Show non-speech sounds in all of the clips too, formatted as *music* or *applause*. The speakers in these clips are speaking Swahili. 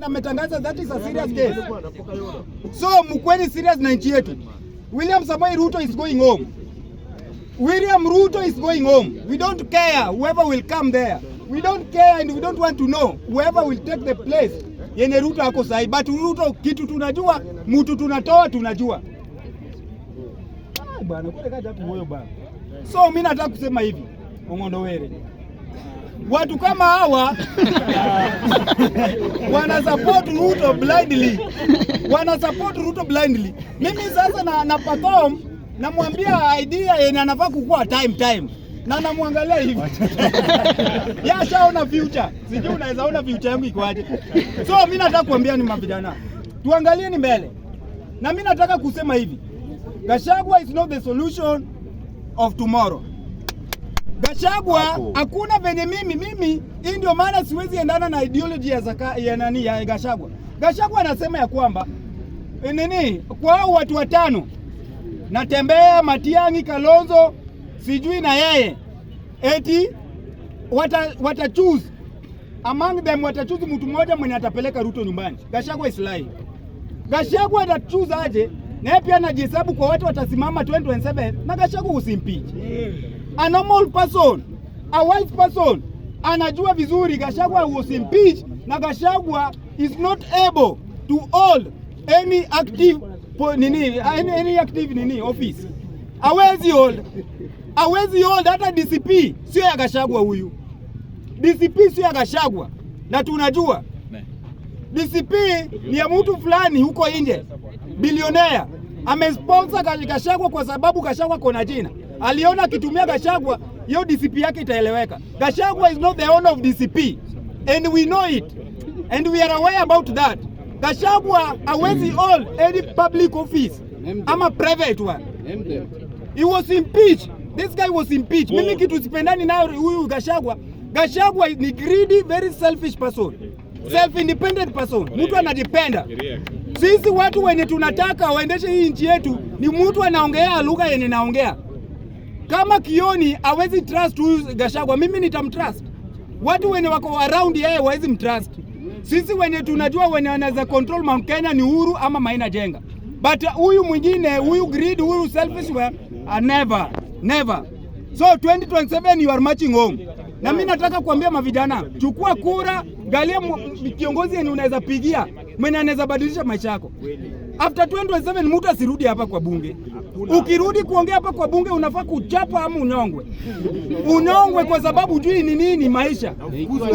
Ametangaza that is a serious case. So mkweni serious na nchi yetu. William Samoei Ruto is going home. William Ruto is going home. We don't care whoever will come there. We don't care and we don't want to know whoever will take the place yenye Ruto ako sahi. But Ruto kitu tunajua, mtu tunatoa tunajua. Ah, bwana, kule kaja tu moyo bwana. So mimi nataka kusema hivi. Mong'ondo were watu kama hawa *laughs* support Ruto blindly, support Ruto blindly. Mimi sasa na, na perform namwambia idea yenye anafaa kukua time time na namwangalia hivi *laughs* yashaona future, sijui unaweza ona future yangu ikoaje? So mi nataka kuambia ni mavijana, tuangalie ni mbele, na mi nataka kusema hivi, Gachagua is not the solution of tomorrow. Gachagua hakuna venye mimi mimi, hii ndio maana siwezi endana na ideology ya zaka, ya nani ya Gachagua. Gachagua anasema ya kwamba eh, nini kwa hao watu watano natembea Matiang'i, Kalonzo sijui na yeye eti wata, wata choose among them choose mtu mmoja mwenye atapeleka Ruto nyumbani. Gachagua gashagwa Gachagua choose aje? Na pia anajihesabu kwa watu watasimama 2027 na Gachagua usimpiche. Mm. A normal person, a wise person anajua vizuri Gashagwa was impeached na Gashagwa is not able to hold any active po, nini, any, any active nini office. Awezi hold, Awezi hold hata DCP sio ya Gashagwa huyu. DCP sio ya Gashagwa na tunajua DCP ni ya mtu fulani huko nje, bilionea amesponsor Gashagwa kwa sababu Gashagwa kona jina aliona akitumia Gashagwa hiyo DCP yake itaeleweka. Gashagwa is not the owner of DCP and we know it and we are aware about that. Gashagwa hawezi own any public office ama private one. He was impeached. This guy was impeached. Mimi kitu sipendani nayo huyu Gashagwa. Gachagua ni greedy, very selfish person. Self independent person. Mtu anajipenda. Sisi watu wenye tunataka waendeshe hii nchi yetu ni mtu anaongea lugha yenye naongea kama Kioni awezi trust huyu Gashagwa, mimi nitamtrust. Watu wenye wako around yeye wawezi mtrust. Sisi wenye tunajua wenye anaweza control Mount Kenya ni Uhuru ama Maina Jenga, but huyu mwingine, huyu greed, huyu selfish we, uh, never never. So 2027 you are marching home, na mimi nataka kuambia mavijana, chukua kura, galia kiongozi yenye unaweza pigia mwenye anaweza badilisha maisha yako. After 27 mtu asirudi hapa kwa bunge. Ukirudi kuongea hapa kwa bunge unafaa kuchapa ama unyongwe, unyongwe kwa sababu hujui ni nini maisha.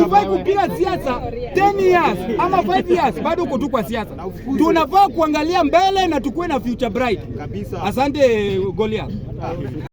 Ufai kupiga siasa 10 years ama 5 years, bado uko tu kwa siasa. Tunafaa kuangalia mbele na tukuwe na future bright. Asante golia